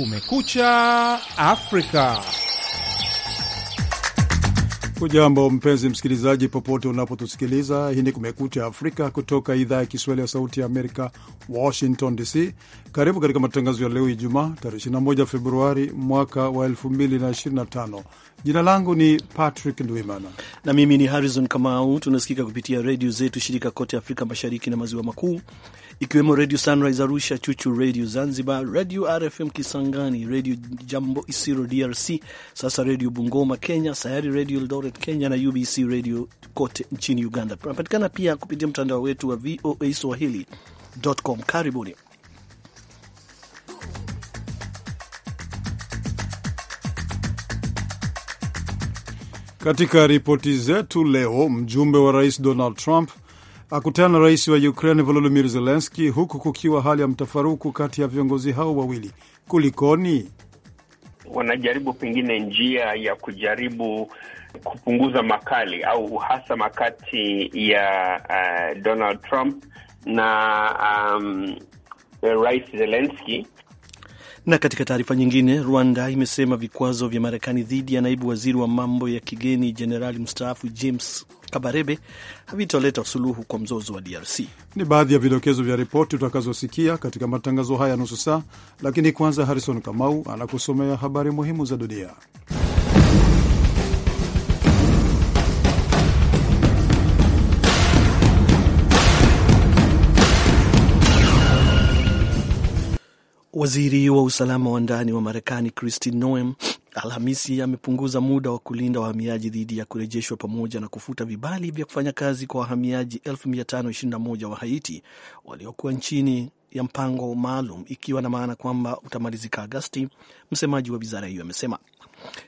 Kumekucha Afrika. Ujambo mpenzi msikilizaji, popote unapotusikiliza, hii ni Kumekucha Afrika kutoka idhaa ya Kiswahili ya Sauti ya Amerika, Washington DC. Karibu katika matangazo ya leo Ijumaa, tarehe 21 Februari mwaka wa 2025. Jina langu ni Patrick Ndwimana na mimi ni Harrison Kamau. Tunasikika kupitia redio zetu shirika kote Afrika Mashariki na Maziwa Makuu, ikiwemo Redio Sunrise Arusha, Chuchu Redio Zanzibar, Redio RFM Kisangani, Redio Jambo Isiro DRC, Sasa Redio Bungoma Kenya, Sayari Redio Eldoret Kenya na UBC Redio kote nchini Uganda. Tunapatikana pia kupitia mtandao wetu wa VOA Swahili.com. Karibuni. Katika ripoti zetu leo, mjumbe wa rais Donald Trump akutana na rais wa Ukraine Volodimir Zelenski, huku kukiwa hali ya mtafaruku kati ya viongozi hao wawili. Kulikoni? Wanajaribu pengine njia ya kujaribu kupunguza makali au uhasama kati ya uh, Donald Trump na um, rais Zelenski na katika taarifa nyingine, Rwanda imesema vikwazo vya Marekani dhidi ya naibu waziri wa mambo ya kigeni jenerali mstaafu James Kabarebe havitoleta suluhu kwa mzozo wa DRC. Ni baadhi ya vidokezo vya ripoti utakazosikia katika matangazo haya nusu saa, lakini kwanza, Harrison Kamau anakusomea habari muhimu za dunia. Waziri wa usalama wa ndani wa Marekani Kristi Noem Alhamisi amepunguza muda wa kulinda wahamiaji dhidi ya kurejeshwa pamoja na kufuta vibali vya kufanya kazi kwa wahamiaji 1521 wa Haiti waliokuwa nchini ya mpango maalum, ikiwa na maana kwamba utamalizika Agasti, msemaji wa wizara hiyo amesema.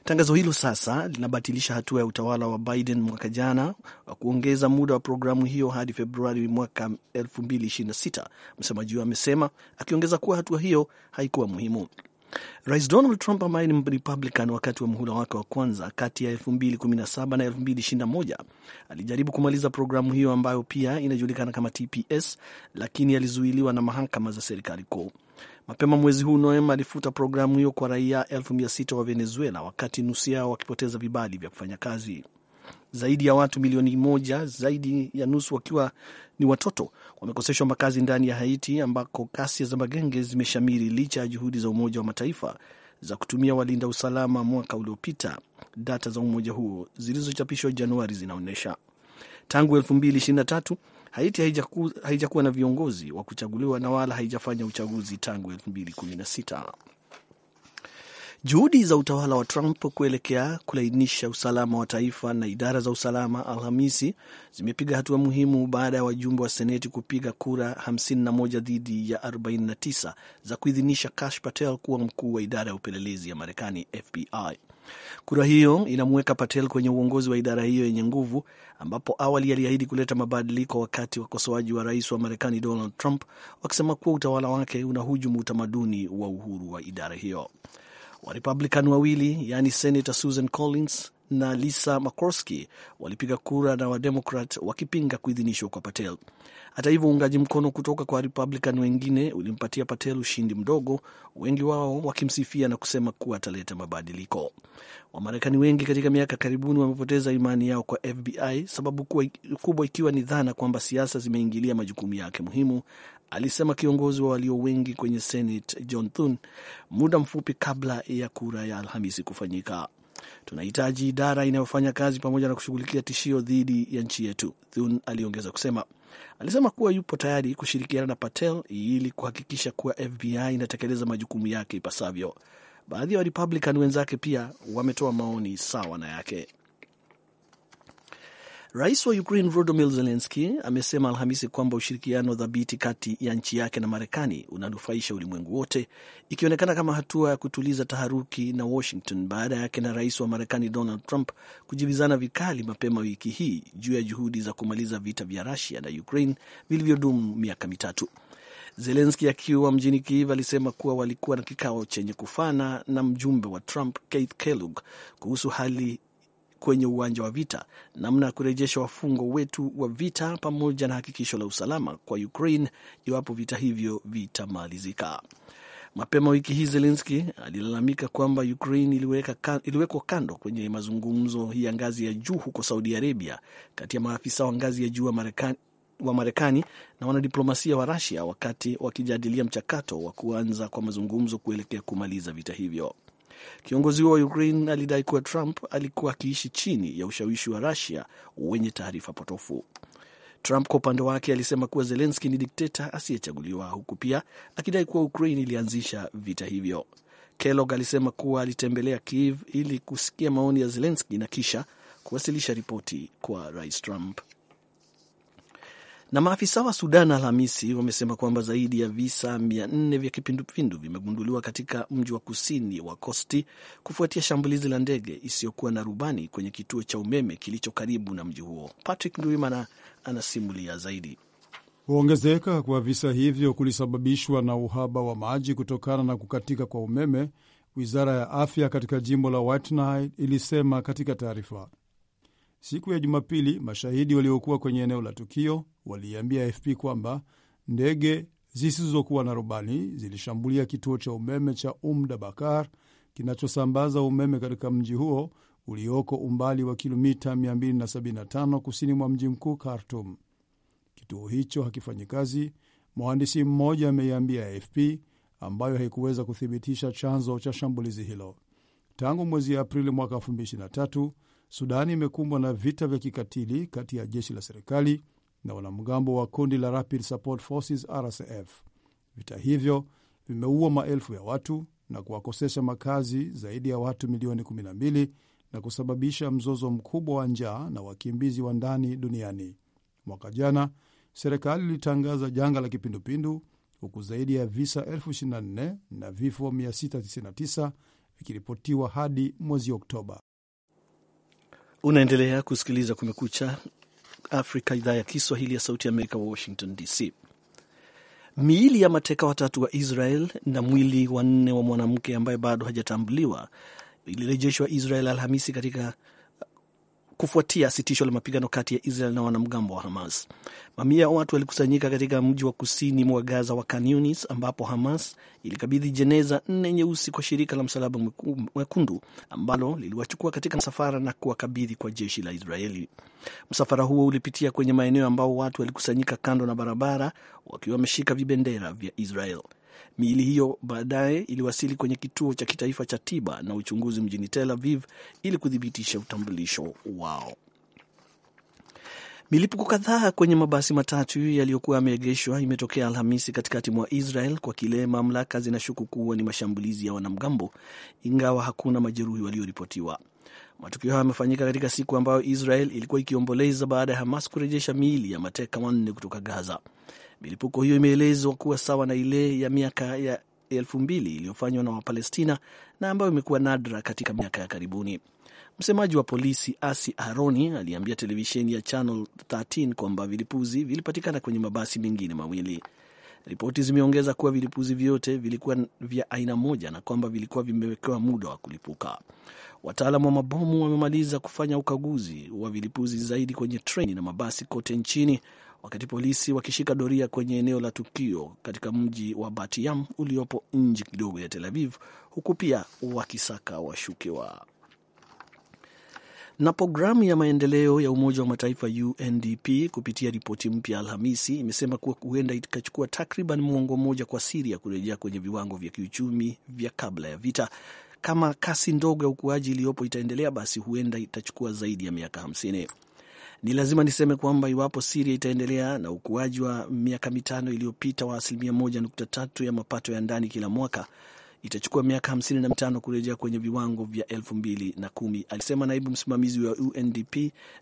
Tangazo hilo sasa linabatilisha hatua ya utawala wa Biden mwaka jana wa kuongeza muda wa programu hiyo hadi Februari mwaka 2026, msemaji huyo amesema, akiongeza kuwa hatua hiyo haikuwa muhimu. Rais Donald Trump ambaye ni Republican wakati wa muhula wake wa kwanza kati ya 2017 na 2021 alijaribu kumaliza programu hiyo ambayo pia inajulikana kama TPS, lakini alizuiliwa na mahakama za serikali kuu. Mapema mwezi huu Noema alifuta programu hiyo kwa raia elfu mia sita wa Venezuela, wakati nusu yao wakipoteza vibali vya kufanya kazi. Zaidi ya watu milioni moja, zaidi ya nusu wakiwa ni watoto, wamekoseshwa makazi ndani ya Haiti ambako ghasia za magenge zimeshamiri licha ya juhudi za Umoja wa Mataifa za kutumia walinda usalama mwaka uliopita. Data za umoja huo zilizochapishwa Januari zinaonyesha tangu 2023 Haiti haijaku, haijakuwa na viongozi wa kuchaguliwa na wala haijafanya uchaguzi tangu 2016. Juhudi za utawala wa Trump kuelekea kulainisha usalama wa taifa na idara za usalama Alhamisi zimepiga hatua muhimu baada ya wajumbe wa Seneti kupiga kura 51 dhidi ya 49 za kuidhinisha Kash Patel kuwa mkuu wa idara ya upelelezi ya Marekani, FBI. Kura hiyo inamuweka Patel kwenye uongozi wa idara hiyo yenye nguvu, ambapo awali aliahidi kuleta mabadiliko, wakati wakosoaji wa rais wa Marekani Donald Trump wakisema kuwa utawala wake unahujumu utamaduni wa uhuru wa idara hiyo. Warepublican wawili yaani Senator Susan Collins na Lisa Makorski walipiga kura na Wademokrat wakipinga kuidhinishwa kwa Patel. Hata hivyo, uungaji mkono kutoka kwa Republican wengine ulimpatia Patel ushindi mdogo, wengi wao wakimsifia na kusema kuwa ataleta mabadiliko. Wamarekani wengi katika miaka karibuni wamepoteza imani yao kwa FBI, sababu kubwa ikiwa ni dhana kwamba siasa zimeingilia majukumu yake muhimu, alisema kiongozi wa walio wengi kwenye Senate John Thune muda mfupi kabla ya kura ya Alhamisi kufanyika. Tunahitaji idara inayofanya kazi pamoja na kushughulikia tishio dhidi ya nchi yetu, Thun aliongeza kusema. Alisema kuwa yupo tayari kushirikiana na Patel ili kuhakikisha kuwa FBI inatekeleza majukumu yake ipasavyo. Baadhi ya wa Warepublican wenzake pia wametoa maoni sawa na yake. Rais wa Ukraine Volodymyr Zelensky amesema Alhamisi kwamba ushirikiano dhabiti kati ya nchi yake na Marekani unanufaisha ulimwengu wote, ikionekana kama hatua ya kutuliza taharuki na Washington baada yake na rais wa Marekani Donald Trump kujibizana vikali mapema wiki hii juu ya juhudi za kumaliza vita vya Rusia na Ukraine vilivyodumu miaka mitatu. Zelenski akiwa mjini Kiev alisema kuwa walikuwa na kikao chenye kufana na mjumbe wa Trump Keith Kellogg kuhusu hali kwenye uwanja wa vita, namna ya kurejesha wafungwa wetu wa vita, pamoja na hakikisho la usalama kwa Ukraine iwapo vita hivyo vitamalizika. Mapema wiki hii Zelenski alilalamika kwamba Ukraine iliwekwa kando kwenye mazungumzo ya ngazi ya juu huko Saudi Arabia, kati ya maafisa wa ngazi ya juu wa Marekani wa Marekani na wanadiplomasia wa Rasia wakati wakijadilia mchakato wa kuanza kwa mazungumzo kuelekea kumaliza vita hivyo. Kiongozi huo wa Ukraine alidai kuwa Trump alikuwa akiishi chini ya ushawishi wa rasia wenye taarifa potofu. Trump kwa upande wake alisema kuwa Zelenski ni dikteta asiyechaguliwa, huku pia akidai kuwa Ukraine ilianzisha vita hivyo. Kellogg alisema kuwa alitembelea Kiev ili kusikia maoni ya Zelenski na kisha kuwasilisha ripoti kwa rais Trump. Na maafisa wa Sudan Alhamisi wamesema kwamba zaidi ya visa mia nne vya kipindupindu vimegunduliwa katika mji wa kusini wa Kosti kufuatia shambulizi la ndege isiyokuwa na rubani kwenye kituo cha umeme kilicho karibu na mji huo. Patrick Ndwimana anasimulia zaidi. Kuongezeka kwa visa hivyo kulisababishwa na uhaba wa maji kutokana na kukatika kwa umeme, wizara ya afya katika jimbo la White Nile ilisema katika taarifa. Siku ya Jumapili, mashahidi waliokuwa kwenye eneo la tukio waliiambia AFP kwamba ndege zisizokuwa na rubani zilishambulia kituo cha umeme cha Umda Bakar kinachosambaza umeme katika mji huo ulioko umbali wa kilomita 275 kusini mwa mji mkuu Khartum. Kituo hicho hakifanyi kazi, mhandisi mmoja ameiambia AFP, ambayo haikuweza kuthibitisha chanzo cha shambulizi hilo. Tangu mwezi Aprili mwaka Sudani imekumbwa na vita vya kikatili kati ya jeshi la serikali na wanamgambo wa kundi la Rapid Support Forces RSF. Vita hivyo vimeua maelfu ya watu na kuwakosesha makazi zaidi ya watu milioni 12 na kusababisha mzozo mkubwa wa njaa na wakimbizi wa ndani duniani. Mwaka jana serikali ilitangaza janga la kipindupindu huku zaidi ya visa elfu 24 na vifo 699 vikiripotiwa hadi mwezi Oktoba. Unaendelea kusikiliza Kumekucha Afrika, idhaa ya Kiswahili ya Sauti ya Amerika, Washington DC. Miili ya mateka watatu wa Israel na mwili wanne wa mwanamke ambaye bado hajatambuliwa ilirejeshwa Israel Alhamisi katika kufuatia sitisho la mapigano kati ya Israel na wanamgambo wa Hamas. Mamia ya watu walikusanyika katika mji wa kusini mwa Gaza wa Khan Yunis, ambapo Hamas ilikabidhi jeneza nne nyeusi kwa shirika la Msalaba Mwekundu ambalo liliwachukua katika msafara na kuwakabidhi kwa jeshi la Israeli. Msafara huo ulipitia kwenye maeneo ambao watu walikusanyika kando na barabara wakiwa wameshika vibendera vya Israel. Miili hiyo baadaye iliwasili kwenye kituo cha kitaifa cha tiba na uchunguzi mjini Tel Aviv ili kuthibitisha utambulisho wao. Milipuko kadhaa kwenye mabasi matatu yaliyokuwa yameegeshwa imetokea Alhamisi katikati mwa Israel kwa kile mamlaka zinashuku kuwa ni mashambulizi ya wanamgambo, ingawa hakuna majeruhi walioripotiwa. Matukio hayo yamefanyika katika siku ambayo Israel ilikuwa ikiomboleza baada ya Hamas kurejesha miili ya mateka wanne kutoka Gaza. Milipuko hiyo imeelezwa kuwa sawa na ile ya miaka ya elfu mbili iliyofanywa na Wapalestina na ambayo imekuwa nadra katika miaka ya karibuni. Msemaji wa polisi Asi aroni aliambia televisheni ya Channel 13 kwamba vilipuzi vilipatikana kwenye mabasi mengine mawili. Ripoti zimeongeza kuwa vilipuzi vyote vilikuwa vya aina moja na kwamba vilikuwa vimewekewa muda wa kulipuka. wataalam wa mabomu wamemaliza kufanya ukaguzi wa vilipuzi zaidi kwenye treni na mabasi kote nchini, wakati polisi wakishika doria kwenye eneo la tukio katika mji wa Batiam uliopo nje kidogo ya Tel Aviv, huku pia wakisaka washukiwa. Na programu ya maendeleo ya Umoja wa Mataifa UNDP kupitia ripoti mpya Alhamisi imesema kuwa huenda ikachukua takriban mwongo mmoja kwa Siria kurejea kwenye viwango vya kiuchumi vya kabla ya vita. Kama kasi ndogo ya ukuaji iliyopo itaendelea, basi huenda itachukua zaidi ya miaka hamsini. Ni lazima niseme kwamba iwapo Siria itaendelea na ukuaji wa miaka mitano iliyopita wa asilimia moja nukta tatu ya mapato ya ndani kila mwaka itachukua miaka hamsini na mitano kurejea kwenye viwango vya elfu mbili na kumi, alisema naibu msimamizi wa UNDP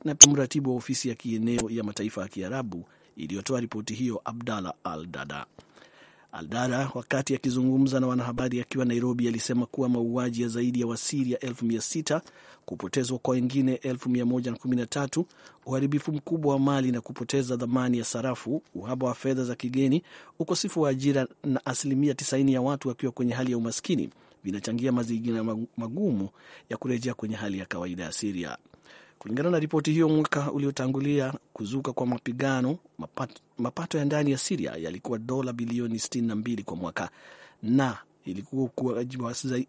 na pia mratibu wa ofisi ya kieneo ya mataifa ya Kiarabu iliyotoa ripoti hiyo, Abdallah Al Dada. Aldara wakati akizungumza na wanahabari akiwa Nairobi alisema kuwa mauaji ya zaidi ya Wasiria elfu mia sita kupotezwa kwa wengine 113, uharibifu mkubwa wa mali na kupoteza dhamani ya sarafu, uhaba wa fedha za kigeni, ukosefu wa ajira na asilimia 90 ya watu wakiwa kwenye hali ya umaskini vinachangia mazingira magumu ya kurejea kwenye hali ya kawaida ya Siria. Kulingana na ripoti hiyo, mwaka uliotangulia kuzuka kwa mapigano, mapato, mapato ya ndani ya Siria yalikuwa dola bilioni 62 kwa mwaka na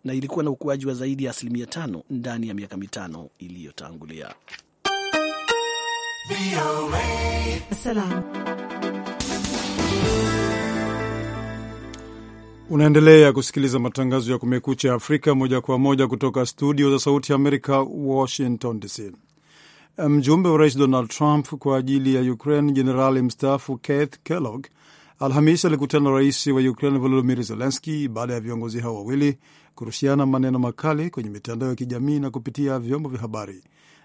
na ilikuwa na ukuaji wa zaidi ya asilimia tano ndani ya miaka mitano iliyotangulia. Unaendelea kusikiliza matangazo ya Kumekucha Afrika moja kwa moja kutoka studio za Sauti ya Amerika, Washington DC. Mjumbe wa Rais Donald Trump kwa ajili ya Ukraine, jenerali mstaafu Keith Kellogg Alhamisi alikutana na rais wa Ukraine volodimir Zelenski baada ya viongozi hao wawili kurushiana maneno makali kwenye mitandao ya kijamii na kupitia vyombo vya habari.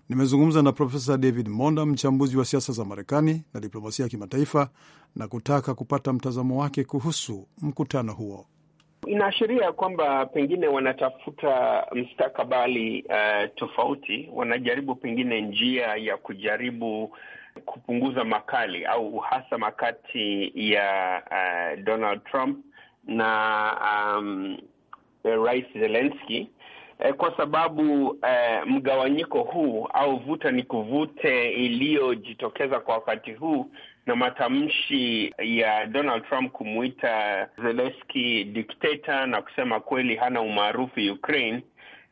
Nimezungumza na Profesa David Monda, mchambuzi wa siasa za Marekani na diplomasia ya kimataifa, na kutaka kupata mtazamo wake kuhusu mkutano huo. Inaashiria kwamba pengine wanatafuta mstakabali uh, tofauti. Wanajaribu pengine njia ya kujaribu kupunguza makali au uhasama kati ya uh, Donald Trump na um, Rais Zelensky eh, kwa sababu eh, mgawanyiko huu au vuta ni kuvute iliyojitokeza kwa wakati huu na matamshi ya Donald Trump kumuita Zelensky dikteta na kusema kweli hana umaarufu Ukraine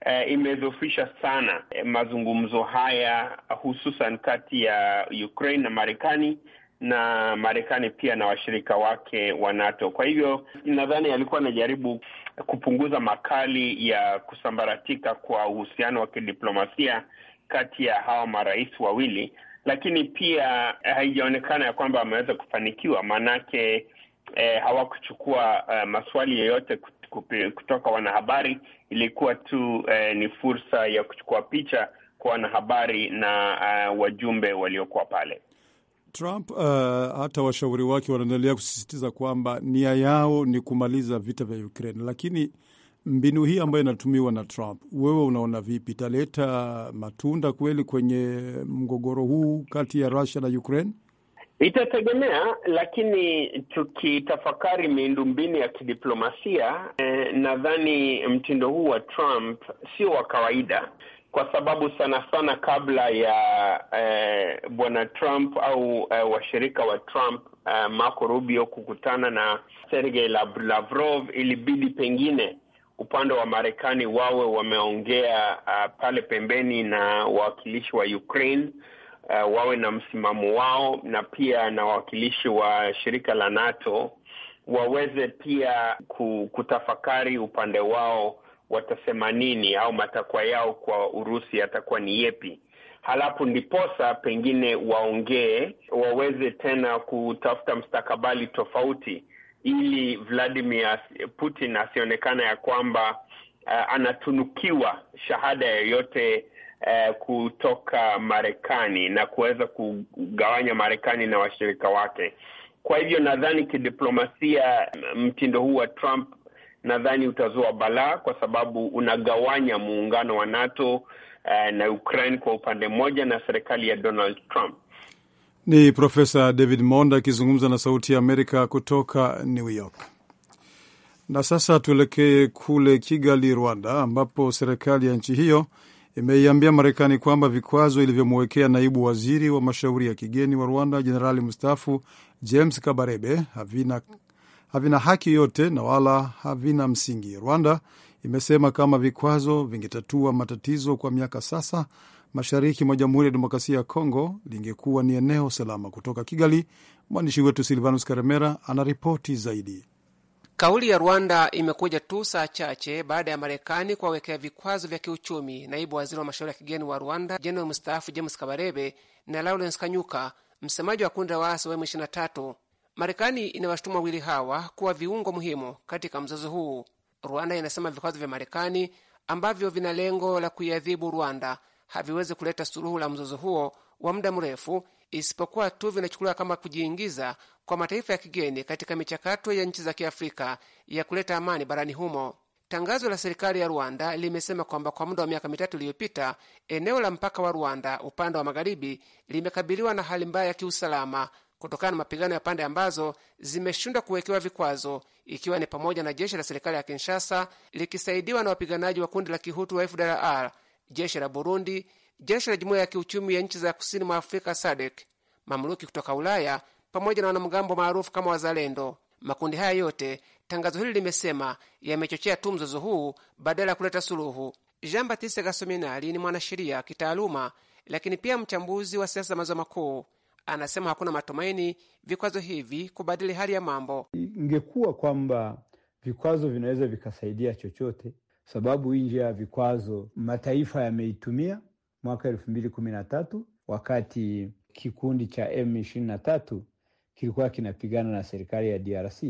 uh, eh, imedhofisha sana eh, mazungumzo haya hususan kati ya Ukraine na Marekani na Marekani pia na washirika wake wa NATO. Kwa hivyo nadhani alikuwa anajaribu kupunguza makali ya kusambaratika kwa uhusiano wa kidiplomasia kati ya hawa marais wawili, lakini pia eh, haijaonekana ya kwamba ameweza kufanikiwa, maanake eh, hawakuchukua eh, maswali yoyote kutoka wanahabari, ilikuwa tu eh, ni fursa ya kuchukua picha kwa wanahabari na uh, wajumbe waliokuwa pale. Trump uh, hata washauri wake wanaendelea kusisitiza kwamba nia yao ni kumaliza vita vya Ukraine, lakini mbinu hii ambayo inatumiwa na Trump, wewe unaona vipi, italeta matunda kweli kwenye mgogoro huu kati ya Russia na Ukraine? Itategemea, lakini tukitafakari miundu mbinu ya kidiplomasia eh, nadhani mtindo huu wa Trump sio wa kawaida kwa sababu sana sana kabla ya eh, bwana Trump au eh, washirika wa Trump eh, Marco Rubio kukutana na Sergei Lavrov, ilibidi pengine upande wa Marekani wawe wameongea uh, pale pembeni na wawakilishi wa Ukraine uh, wawe na msimamo wao na pia na wawakilishi wa shirika la NATO waweze pia kutafakari upande wao watasema nini au matakwa yao kwa Urusi yatakuwa ni yepi. Halafu ndiposa pengine waongee, waweze tena kutafuta mstakabali tofauti, ili Vladimir Putin asionekana ya kwamba uh, anatunukiwa shahada yoyote uh, kutoka Marekani na kuweza kugawanya Marekani na washirika wake. Kwa hivyo nadhani kidiplomasia, mtindo huu wa Trump nadhani utazua balaa, kwa sababu unagawanya muungano wa NATO uh, na Ukraine kwa upande mmoja na serikali ya Donald Trump. Ni Profesa David Monda akizungumza na Sauti ya Amerika kutoka New York. Na sasa tuelekee kule Kigali, Rwanda, ambapo serikali ya nchi hiyo imeiambia Marekani kwamba vikwazo ilivyomwekea naibu waziri wa mashauri ya kigeni wa Rwanda jenerali mstaafu James Kabarebe havina, havina haki yote na wala havina msingi. Rwanda imesema kama vikwazo vingetatua matatizo kwa miaka sasa, mashariki mwa Jamhuri ya Demokrasia ya Kongo lingekuwa ni eneo salama. Kutoka Kigali, mwandishi wetu Silvanus Karemera anaripoti zaidi. Kauli ya Rwanda imekuja tu saa chache baada ya Marekani kuwawekea vikwazo vya kiuchumi naibu waziri wa mashauri ya kigeni wa Rwanda jenerali mstaafu James Kabarebe na Lawrence Kanyuka, msemaji wa kundi la waasi wa M23. Marekani inawashutuma wawili hawa kuwa viungo muhimu katika mzozo huu. Rwanda inasema vikwazo vya Marekani ambavyo vina lengo la kuiadhibu Rwanda haviwezi kuleta suluhu la mzozo huo wa muda mrefu, isipokuwa tu vinachukuliwa kama kujiingiza kwa mataifa ya kigeni katika michakato ya nchi za Kiafrika ya kuleta amani barani humo. Tangazo la serikali ya Rwanda limesema kwamba kwa muda wa miaka mitatu iliyopita, eneo la mpaka wa Rwanda upande wa magharibi limekabiliwa na hali mbaya ya kiusalama kutokana na mapigano ya pande ambazo zimeshindwa kuwekewa vikwazo, ikiwa ni pamoja na jeshi la serikali ya Kinshasa likisaidiwa na wapiganaji wa kundi la kihutu wa FDLR, jeshi la Burundi, jeshi la jumuiya ya kiuchumi ya nchi za kusini mwa Afrika SADC, mamluki kutoka Ulaya pamoja na wanamgambo maarufu kama Wazalendo. Makundi haya yote, tangazo hili limesema, yamechochea tu mzozo huu badala ya kuleta suluhu. Jean Batiste Gasominali ni mwanasheria kitaaluma, lakini pia mchambuzi wa siasa za mazo makuu. Anasema hakuna matumaini vikwazo hivi kubadili hali ya mambo. Ingekuwa kwamba vikwazo vinaweza vikasaidia chochote, sababu hii njia ya vikwazo mataifa yameitumia mwaka elfu mbili kumi na tatu wakati kikundi cha M ishirini na tatu kilikuwa kinapigana na serikali ya DRC,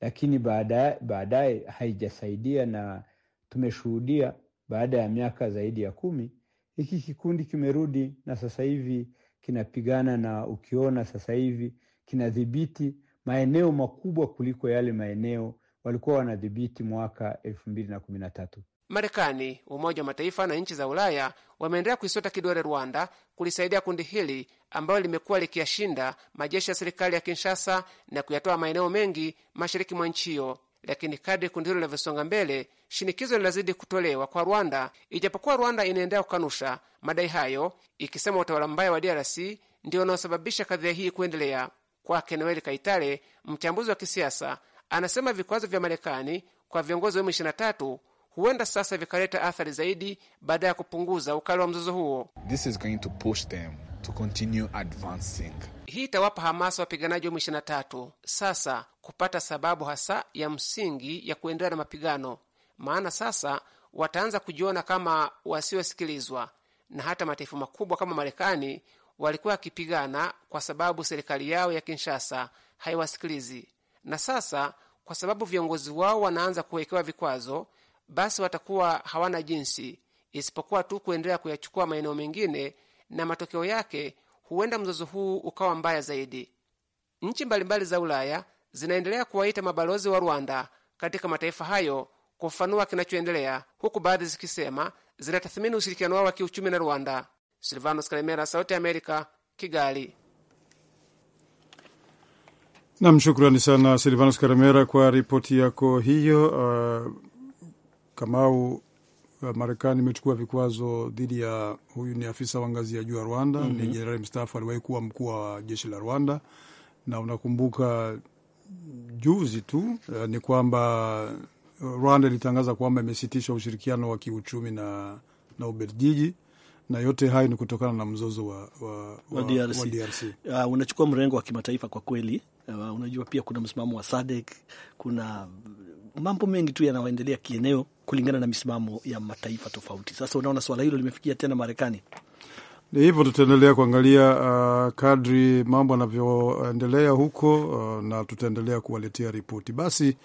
lakini baadaye baadaye haijasaidia, na tumeshuhudia baada ya miaka zaidi ya kumi hiki kikundi kimerudi, na sasa hivi kinapigana, na ukiona sasa hivi kinadhibiti maeneo makubwa kuliko yale maeneo walikuwa wanadhibiti mwaka elfu mbili na kumi na tatu. Marekani, Umoja wa Mataifa na nchi za Ulaya wameendelea kuisota kidole Rwanda kulisaidia kundi hili ambalo limekuwa likiyashinda majeshi ya serikali ya Kinshasa na kuyatoa maeneo mengi mashariki mwa nchi hiyo. Lakini kadri kundi hilo linavyosonga mbele, shinikizo linazidi kutolewa kwa Rwanda, ijapokuwa Rwanda inaendelea kukanusha madai hayo, ikisema utawala mbaya wa DRC ndio unaosababisha kadhia hii kuendelea. Kwake Noeli Kaitale, mchambuzi wa kisiasa, anasema vikwazo vya Marekani kwa viongozi wa M23 huenda sasa vikaleta athari zaidi baada ya kupunguza ukali wa mzozo huo. This is going to push them to continue advancing. Hii itawapa hamasa wapiganaji wa M23 sasa kupata sababu hasa ya msingi ya kuendelea na mapigano, maana sasa wataanza kujiona kama wasiosikilizwa, na hata mataifa makubwa kama Marekani walikuwa wakipigana kwa sababu serikali yao ya Kinshasa haiwasikilizi, na sasa kwa sababu viongozi wao wanaanza kuwekewa vikwazo basi watakuwa hawana jinsi isipokuwa tu kuendelea kuyachukua maeneo mengine, na matokeo yake huenda mzozo huu ukawa mbaya zaidi. Nchi mbalimbali za Ulaya zinaendelea kuwaita mabalozi wa Rwanda katika mataifa hayo kufanua kinachoendelea, huku baadhi zikisema zinatathmini ushirikiano wao wa kiuchumi na Rwanda. Silvanos Kalemera, Sauti Amerika, Kigali. Nam, shukrani sana Silvanos Karemera kwa ripoti yako hiyo. Uh, Kamau, uh, Marekani imechukua vikwazo dhidi ya huyu, ni afisa wa ngazi ya juu ya Rwanda. mm -hmm. Ni mhm. jenerali mstaafu, aliwahi kuwa mkuu wa jeshi la Rwanda, na unakumbuka juzi tu uh, ni kwamba uh, Rwanda ilitangaza kwamba imesitisha ushirikiano wa kiuchumi na, na Ubelgiji na yote hayo ni kutokana na mzozo wa, wa, wa, wa DRC, wa DRC. Uh, unachukua mrengo wa kimataifa kwa kweli. Uh, unajua pia kuna msimamo wa SADC, kuna mambo mengi tu yanayoendelea kieneo kulingana na misimamo ya mataifa tofauti. Sasa unaona swala hilo limefikia tena Marekani. Ni hivyo, tutaendelea kuangalia uh, kadri mambo yanavyoendelea huko uh, na tutaendelea kuwaletea ripoti. Basi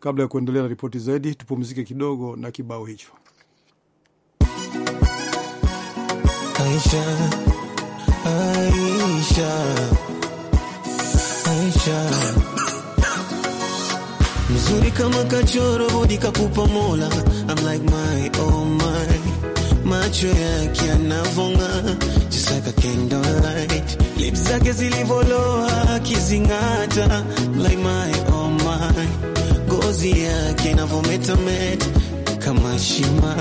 kabla ya kuendelea na ripoti zaidi, tupumzike kidogo na kibao hicho Aisha, Aisha, Aisha mzuri kama kachoro hodi kakupa Mola. I'm like my oh my, macho yake yanavonga just like a candle lips zake zilivoloa kizingata. like my oh my, gozi yake inavometameta kama shima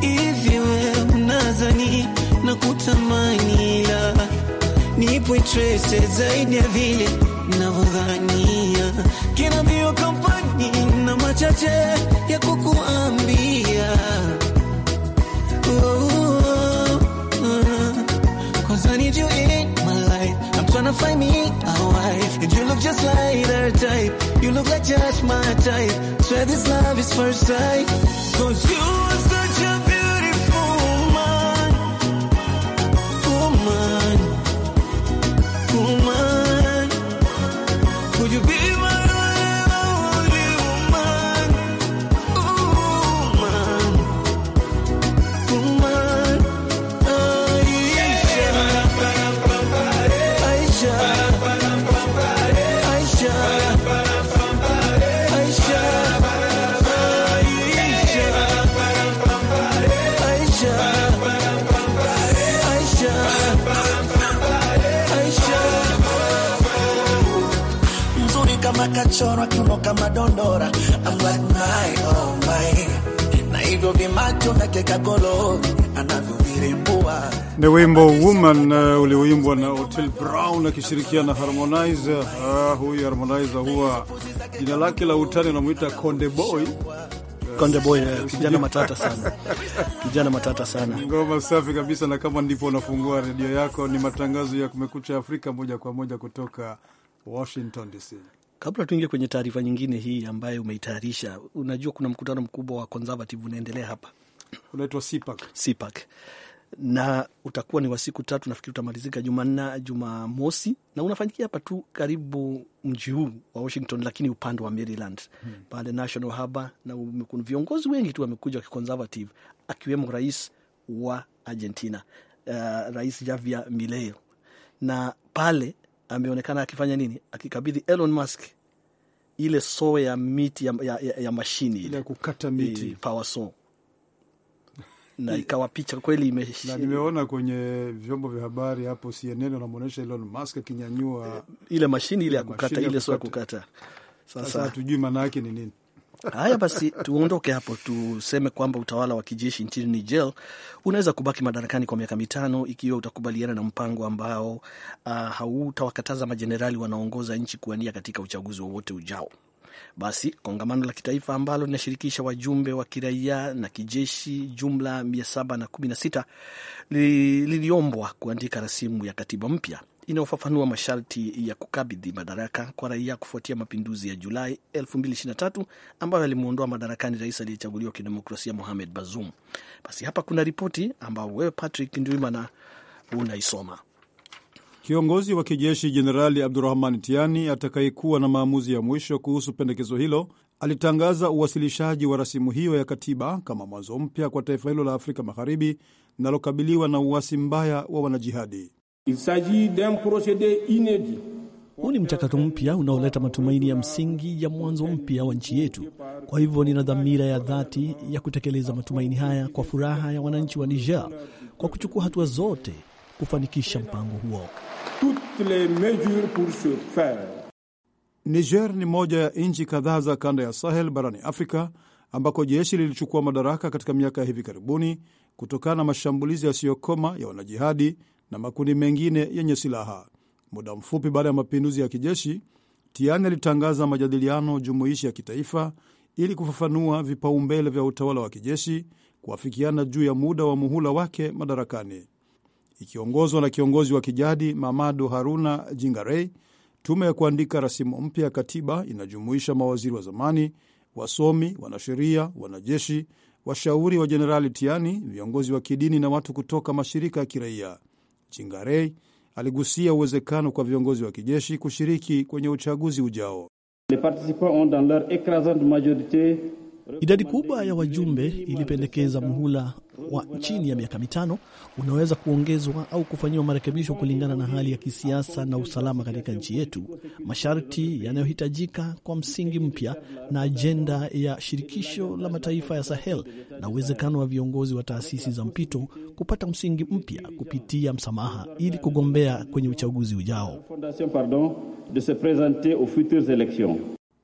hivi, we nazani na kutamani, ila nipo zaidi ya vile navyodhani machache ya kukuambia oh, oh. to find me a wife And you look just like her type You look like just my type Swear this love is first sight Cause you are akachorwa kiuno kama dondora I'm like my oh my, na hivyo vimacho vyake kagolo anavyovirembua. Ni wimbo woman uh, ulioimbwa na Otile Brown akishirikiana Harmonize. Uh, ah, huyu Harmonize huwa jina lake la utani unamwita Konde Boy. Konde Boy, eh, kijana matata sana, kijana matata sana. Ngoma safi kabisa. Na kama ndipo unafungua redio yako, ni matangazo ya Kumekucha Afrika moja kwa moja kutoka Washington DC. Kabla tuingie kwenye taarifa nyingine hii ambayo umeitayarisha, unajua kuna mkutano mkubwa wa Conservative unaendelea hapa, unaitwa CPAC. CPAC na utakuwa ni wa siku tatu, nafikiri utamalizika Jumanne, Jumamosi, na unafanyikia hapa tu karibu mji huu wa Washington, lakini upande wa Maryland hmm, pale National Harbor, na kuna viongozi wengi tu wamekuja wa kiconservative akiwemo rais wa Argentina, uh, rais Javier Milei na pale ameonekana akifanya nini, akikabidhi Elon Musk ile saw ya miti ya, ya, ya, ya mashini ile kukata miti eh, power saw na ikawa picha kweli ime... na nimeona kwenye vyombo vya habari hapo CNN wanamwonyesha Elon Musk akinyanyua eh, ile mashini ile ya kukata ile saw ya kukata. Sasa hatujui maana yake ni nini. Haya basi, tuondoke hapo, tuseme kwamba utawala wa kijeshi nchini Niger unaweza kubaki madarakani kwa miaka mitano ikiwa utakubaliana na mpango ambao uh, hautawakataza majenerali wanaongoza nchi kuwania katika uchaguzi wowote ujao. Basi kongamano la kitaifa ambalo linashirikisha wajumbe wa kiraia na kijeshi jumla 716 liliombwa kuandika rasimu ya katiba mpya inayofafanua masharti ya kukabidhi madaraka kwa raia kufuatia mapinduzi ya Julai 2023 ambayo alimwondoa madarakani rais aliyechaguliwa kidemokrasia Mohamed Bazoum. Basi hapa kuna ripoti ambayo wewe Patrick Ndwimana unaisoma. Kiongozi wa kijeshi Jenerali Abdurahman Tiani atakayekuwa na maamuzi ya mwisho kuhusu pendekezo hilo alitangaza uwasilishaji wa rasimu hiyo ya katiba kama mwanzo mpya kwa taifa hilo la Afrika Magharibi linalokabiliwa na uasi mbaya wa wanajihadi. Il s'agit d'un procédé inédit. Huu ni mchakato mpya unaoleta matumaini ya msingi ya mwanzo mpya wa nchi yetu. Kwa hivyo nina dhamira ya dhati ya kutekeleza matumaini haya kwa furaha ya wananchi wa Niger kwa kuchukua hatua zote kufanikisha mpango huo. Niger ni moja ya nchi kadhaa za kanda ya Sahel barani Afrika ambako jeshi lilichukua madaraka katika miaka ya hivi karibuni kutokana na mashambulizi yasiyokoma ya wanajihadi na makundi mengine yenye silaha. Muda mfupi baada ya mapinduzi ya kijeshi, Tiani alitangaza majadiliano jumuishi ya kitaifa ili kufafanua vipaumbele vya utawala wa kijeshi, kuafikiana juu ya muda wa muhula wake madarakani. Ikiongozwa na kiongozi wa kijadi Mamadu Haruna Jingarei, tume ya kuandika rasimu mpya ya katiba inajumuisha mawaziri wa zamani, wasomi, wanasheria, wanajeshi, washauri wa jenerali Tiani, viongozi wa kidini na watu kutoka mashirika ya kiraia. Chingarei aligusia uwezekano kwa viongozi wa kijeshi kushiriki kwenye uchaguzi ujao. Les participants ont dans leur écrasante majorité Idadi kubwa ya wajumbe ilipendekeza muhula wa chini ya miaka mitano unaweza kuongezwa au kufanyiwa marekebisho kulingana na hali ya kisiasa na usalama katika nchi yetu, masharti yanayohitajika kwa msingi mpya na ajenda ya shirikisho la mataifa ya Sahel na uwezekano wa viongozi wa taasisi za mpito kupata msingi mpya kupitia msamaha ili kugombea kwenye uchaguzi ujao.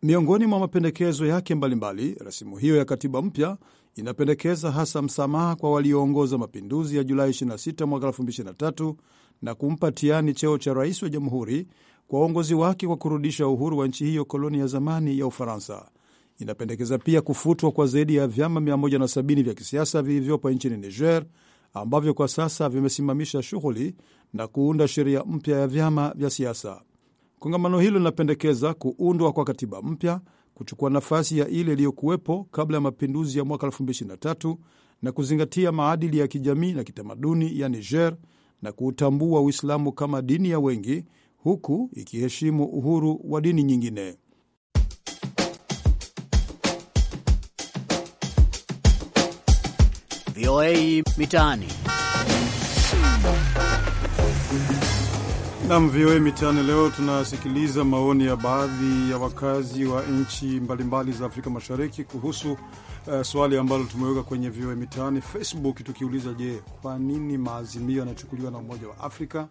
Miongoni mwa mapendekezo yake mbalimbali, rasimu hiyo ya katiba mpya inapendekeza hasa msamaha kwa walioongoza mapinduzi ya Julai 26 mwaka 2023 na kumpa Tiani cheo cha rais wa jamhuri kwa uongozi wake kwa kurudisha uhuru wa nchi hiyo koloni ya zamani ya Ufaransa. Inapendekeza pia kufutwa kwa zaidi ya vyama 170 vya kisiasa vilivyopo nchini Niger ambavyo kwa sasa vimesimamisha shughuli na kuunda sheria mpya ya vyama vya siasa. Kongamano hilo linapendekeza kuundwa kwa katiba mpya kuchukua nafasi ya ile iliyokuwepo kabla ya mapinduzi ya mwaka 2023 na kuzingatia maadili ya kijamii na kitamaduni ya Niger na kuutambua Uislamu kama dini ya wengi huku ikiheshimu uhuru wa dini nyingine. VOA Mitaani. Nam VOA Mitaani leo tunasikiliza maoni ya baadhi ya wakazi wa nchi mbalimbali za Afrika Mashariki kuhusu uh, swali ambalo tumeweka kwenye VOA Mitaani Facebook tukiuliza, je, kwa nini maazimio yanayochukuliwa na Umoja wa Afrika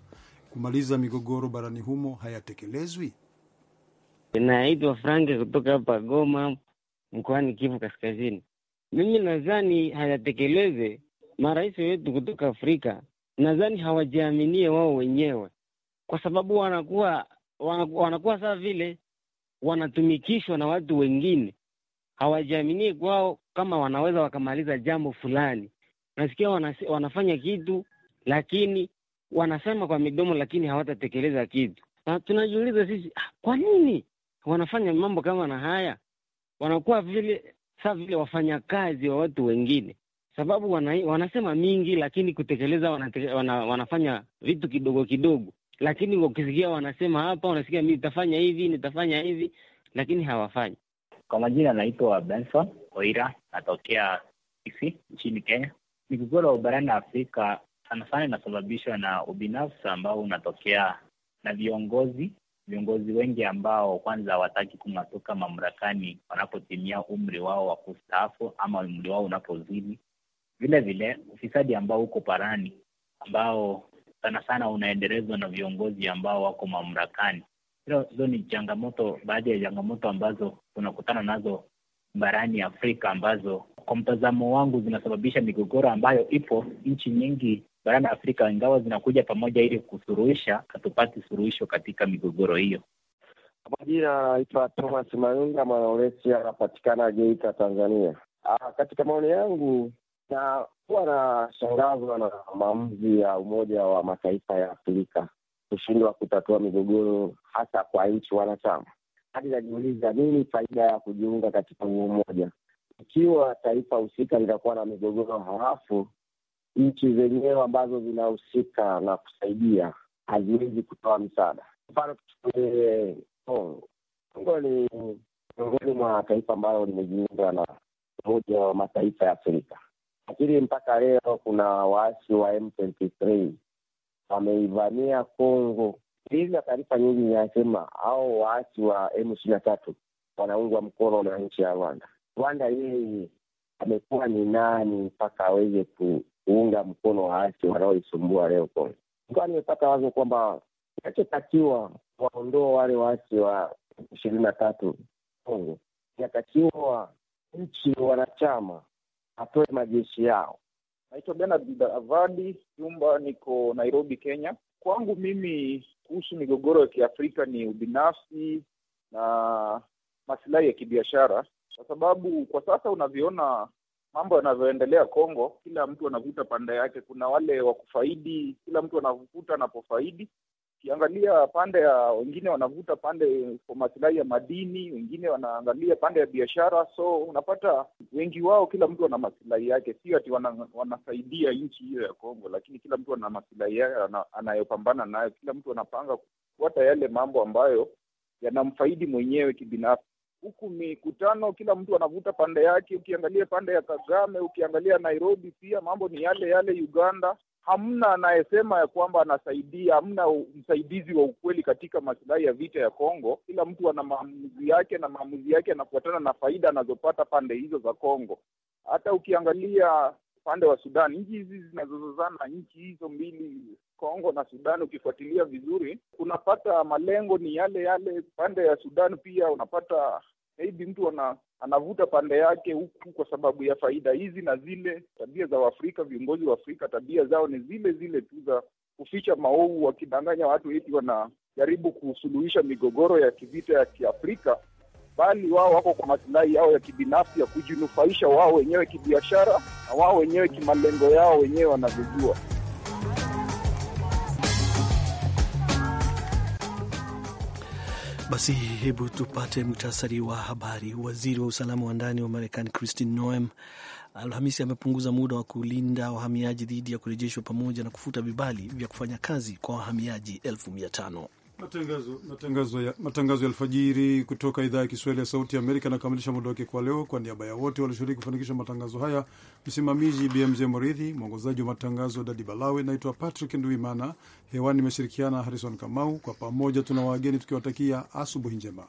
kumaliza migogoro barani humo hayatekelezwi? inaitwa Frank kutoka hapa Goma mkoani Kivu Kaskazini. Mimi nadhani hayatekeleze, Marais wetu kutoka Afrika nadhani hawajiaminie wao wenyewe kwa sababu wanakuwa wanakuwa, wanakuwa saa vile wanatumikishwa na watu wengine, hawajiamini kwao kama wanaweza wakamaliza jambo fulani. Nasikia wanafanya kitu lakini wanasema kwa midomo, lakini hawatatekeleza kitu, na tunajiuliza sisi, ah, kwa nini wanafanya mambo kama na haya? Wanakuwa vile saa vile wafanyakazi wa watu wengine, sababu wana, wanasema mingi, lakini kutekeleza wanate, wana, wanafanya vitu kidogo kidogo lakini ukisikia wanasema hapa, unasikia mi nitafanya hivi nitafanya hivi, lakini hawafanyi. Kwa majina anaitwa Benson Oira, natokea Kisii nchini Kenya. Migogoro barani Afrika sana sana inasababishwa na ubinafsi ambao unatokea na viongozi viongozi wengi ambao kwanza hawataki kung'atuka mamlakani wanapotimia umri wao wa kustaafu ama umri wao unapozidi. Vile vile ufisadi ambao uko parani ambao sana sana unaendelezwa na viongozi ambao wako mamlakani. hilo Hizo ni changamoto, baadhi ya changamoto ambazo tunakutana nazo barani Afrika ambazo kwa mtazamo wangu zinasababisha migogoro ambayo ipo nchi nyingi barani Afrika, ingawa zinakuja pamoja ili kusuluhisha, hatupati suluhisho katika migogoro hiyo. Kwa jina anaitwa Thomas Mayunga, mwanaolesia anapatikana Geita, Tanzania. Aa, ah, katika maoni yangu na huwa anashangazwa na maamuzi ya Umoja wa Mataifa ya Afrika kushindwa kutatua migogoro hasa kwa nchi wanachama. Hadi najiuliza nini faida ya kujiunga katika huo umoja ikiwa taifa husika litakuwa na migogoro, halafu nchi zenyewe ambazo zinahusika na kusaidia haziwezi kutoa msaada. Mfano tuchukulie Kongo. Kongo ni miongoni mwa taifa ambalo limejiunga na Umoja wa Mataifa ya Afrika lakini mpaka leo kuna waasi wa M23 wameivamia Kongo. Hizi taarifa nyingi zinasema au waasi wa m tatu wanaungwa mkono na nchi ya Rwanda. Rwanda yeye amekuwa ni nani mpaka aweze kuunga mkono waasi wanaoisumbua leo Kongo? Nikawa nimepata wazo kwamba inachotakiwa waondoa wale waasi wa ishirini na tatu Kongo, inatakiwa nchi wanachama atoe majeshi yao. Naitwa Benard Avadi Jumba, niko Nairobi, Kenya. Kwangu mimi kuhusu migogoro ya Kiafrika ni ubinafsi na masilahi ya kibiashara, kwa sababu kwa sasa unavyoona mambo yanavyoendelea Kongo, kila mtu anavuta pande yake. Kuna wale wa kufaidi, kila mtu anavuta anapofaidi, Ukiangalia pande ya wengine wanavuta pande kwa masilahi ya madini, wengine wanaangalia pande ya biashara, so unapata wengi wao, kila mtu ana masilahi yake, sio ati wana, wanasaidia nchi hiyo ya Kongo, lakini kila mtu ana masilahi yake anayopambana nayo. Kila mtu anapanga kufuata yale mambo ambayo yanamfaidi mwenyewe kibinafsi huku mikutano, kila mtu anavuta pande yake. Ukiangalia pande ya Kagame, ukiangalia Nairobi, pia mambo ni yale yale. Uganda hamna anayesema ya kwamba anasaidia, hamna msaidizi wa ukweli katika masilahi ya vita ya Kongo. Kila mtu ana maamuzi yake na maamuzi yake yanafuatana na faida anazopata pande hizo za Kongo. Hata ukiangalia upande wa Sudan, nchi hizi zinazozozana, nchi hizo mbili Kongo na Sudan, ukifuatilia vizuri, unapata malengo ni yale yale. Pande ya Sudan pia unapata maybe mtu ana, anavuta pande yake huku kwa sababu ya faida hizi na zile. Tabia za Waafrika, viongozi wa Afrika, tabia zao ni zile zile tu za kuficha maovu, wakidanganya watu eti wanajaribu kusuluhisha migogoro ya kivita ya Kiafrika, bali wao wako kwa masilahi yao ya kibinafsi ya kujinufaisha wao wenyewe kibiashara na wao wenyewe kimalengo yao wenyewe wanavyojua. Basi hebu tupate muhtasari wa habari. Waziri wa usalama wa ndani wa Marekani Christine Noem Alhamisi amepunguza muda wa kulinda wahamiaji dhidi ya kurejeshwa pamoja na kufuta vibali vya kufanya kazi kwa wahamiaji elfu mia tano. Matangazo, matangazo ya matangazo ya alfajiri kutoka idhaa ya Kiswahili ya Sauti ya Amerika nakamilisha muda wake kwa leo. Kwa niaba ya wote walioshiriki kufanikisha matangazo haya, msimamizi BMJ Moridhi, mwongozaji wa matangazo Dadi Balawe, naitwa Patrick Nduimana, hewani imeshirikiana Harrison Kamau. Kwa pamoja tuna wageni tukiwatakia asubuhi njema.